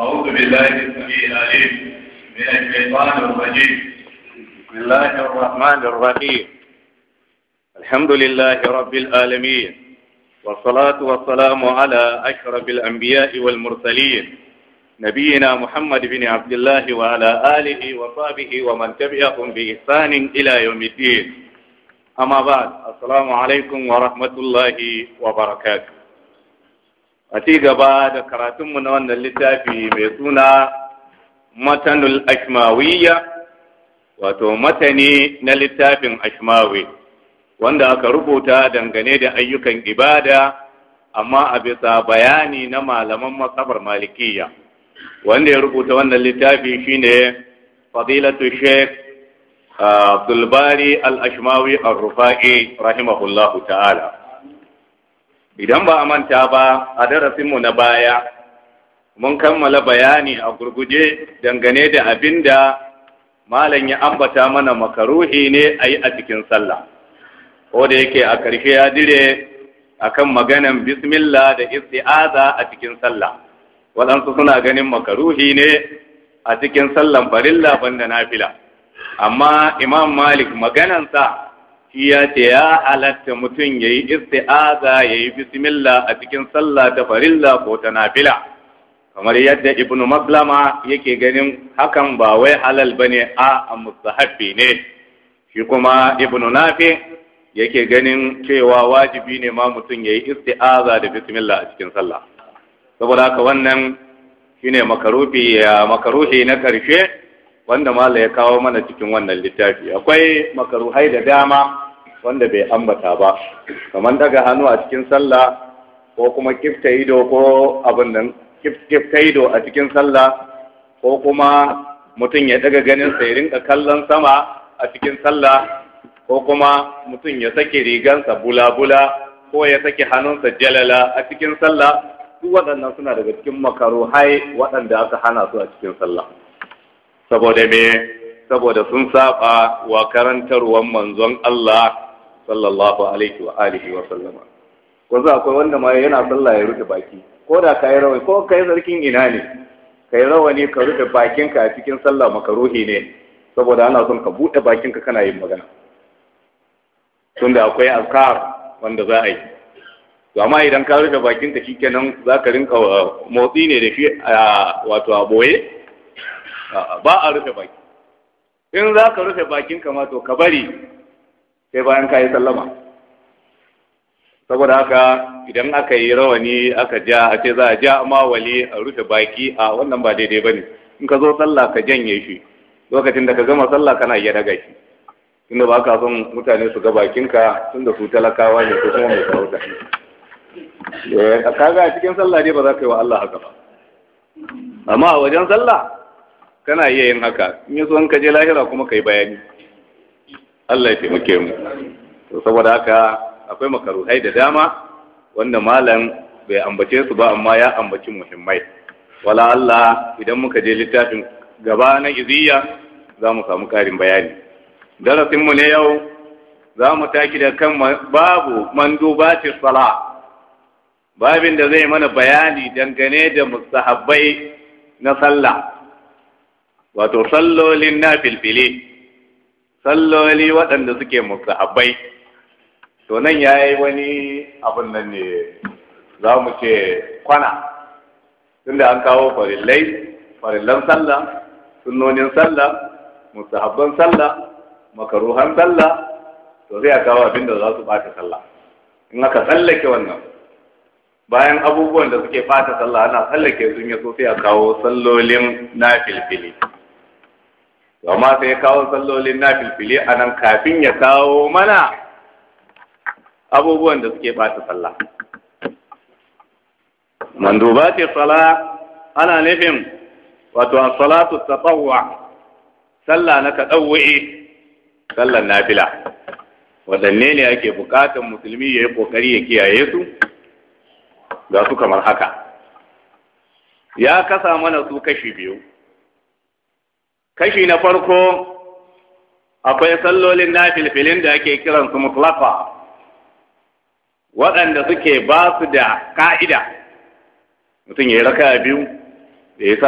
أعوذ بالله السميع العليم من الشيطان الرجيم بسم الله الرحمن الرحيم الحمد لله رب العالمين والصلاة والسلام على أشرف الأنبياء والمرسلين نبينا محمد بن عبد الله وعلى آله وصحبه ومن تبعهم بإحسان إلى يوم الدين أما بعد السلام عليكم ورحمة الله وبركاته a ci gaba da karatunmu na wannan littafi mai suna matanul ashmawiyya wato matani na littafin ashmawi wanda aka rubuta dangane da ayyukan ibada amma a bisa bayani na malaman masabar malikiya wanda ya rubuta wannan littafi shine fadilatu sheikh ah, abdulbari al-ashmawi al-rufa'i rahimahullahu ta'ala idan ba a manta ba a darasinmu na baya mun kammala bayani a gurguje dangane da abin da malam ya ambata mana makaruhi ne a yi a cikin sallah ko da yake a ƙarshe ya dire a kan maganan bismillah da isti'aza a cikin sallah waɗansu suna ganin makaruhi ne a cikin sallan farilla banda nafila amma imam malik maganansa shi ya ce ya halatta mutum ya yi isti'aza ya yi bismillah a cikin sallah ta farilla ko ta nafila kamar yadda ibnu maslama yake ganin hakan ba wai halal bane a mustahabbi ne shi kuma ibnu nafi yake ganin cewa wajibi ne ma mutum ya yi isti'aza da bismillah a cikin sallah saboda haka wannan shine makarufi makaruhi na karshe wanda mala ya kawo mana cikin wannan littafi akwai makaruhai da dama wanda bai ambata ba kamar daga hannu a cikin sallah ko kuma kifta ido ko abin nan kifta ido a cikin sallah ko kuma mutum ya daga ganin sa ya rinka kallon sama a cikin sallah ko kuma mutum ya sake rigansa bula-bula ko ya sake hannunsa jalala a cikin sallah duk waɗannan suna daga cikin makaruhai waɗanda aka hana su a cikin sallah saboda me saboda sun saba wa karantarwar manzon Allah sallallahu alaihi wa alihi wa sallama za akwai wanda ma yana sallah ya rufe baki ko da kai rawani ko kai sarkin ina ne kai rawani ka rufe bakinka a cikin sallah makaruhi ne saboda ana son ka bude bakinka kana yin magana tunda akwai azkar wanda za a yi to amma idan ka rufe bakinka shikenan za ka rinka uh, motsi ne da shi uh, wato a boye ba a rufe baki in za ka rufe bakin kama to ka bari sai bayan ka yi sallama saboda haka idan aka yi rawani aka ja a ce za a ja ma wali a rufe baki a wannan ba daidai ba ne in ka zo sallah ka janye shi lokacin da ka gama sallah kana iya daga shi tunda ba ka son mutane su ga bakinka tunda su talakawa ne ko kuma mai sarauta eh, kaga a cikin sallah ne ba za ka yi wa Allah haka ba amma a wajen sallah kana iya yin haka in yi in ka je lahira kuma ka yi bayani Allah ya taimake mu to saboda haka akwai makaruhai da dama wanda malam bai ambace su ba amma ya ambaci muhimmai wala Allah idan muka je littafin gaba na iziyya za mu samu karin bayani darasin mu ne yau za mu taki da kan babu mandubati sala babin da zai mana bayani dangane da mustahabbai na sallah wato sallolin na filfili salloli waɗanda suke abai to nan ya yi wani abin nan ne za mu ce kwana tunda an kawo farillai farillan sallah sunnonin sallah musahabban salla, makaruhan salla, to zai kawo abin da za su ɓata sallah in aka tsallake wannan bayan abubuwan da suke ɓata sallah ana tsallake sun yi so a kawo sallolin na filfili amma sai ya kawo sallolin nafilfili a nan kafin ya kawo mana abubuwan da suke bata sallah ce sala ana nufin wato an salatu tatawwa sallah na kadawwi sallar nafila waɗanne ne ake buƙatar musulmi ya yi ƙoƙari ya kiyaye su ga su kamar haka ya kasa mana su kashi biyu kashi na farko akwai sallolin nafilfilin da ake kiran su mutlaqa waɗanda suke ba su da ka'ida mutum ya yi raka biyu da ya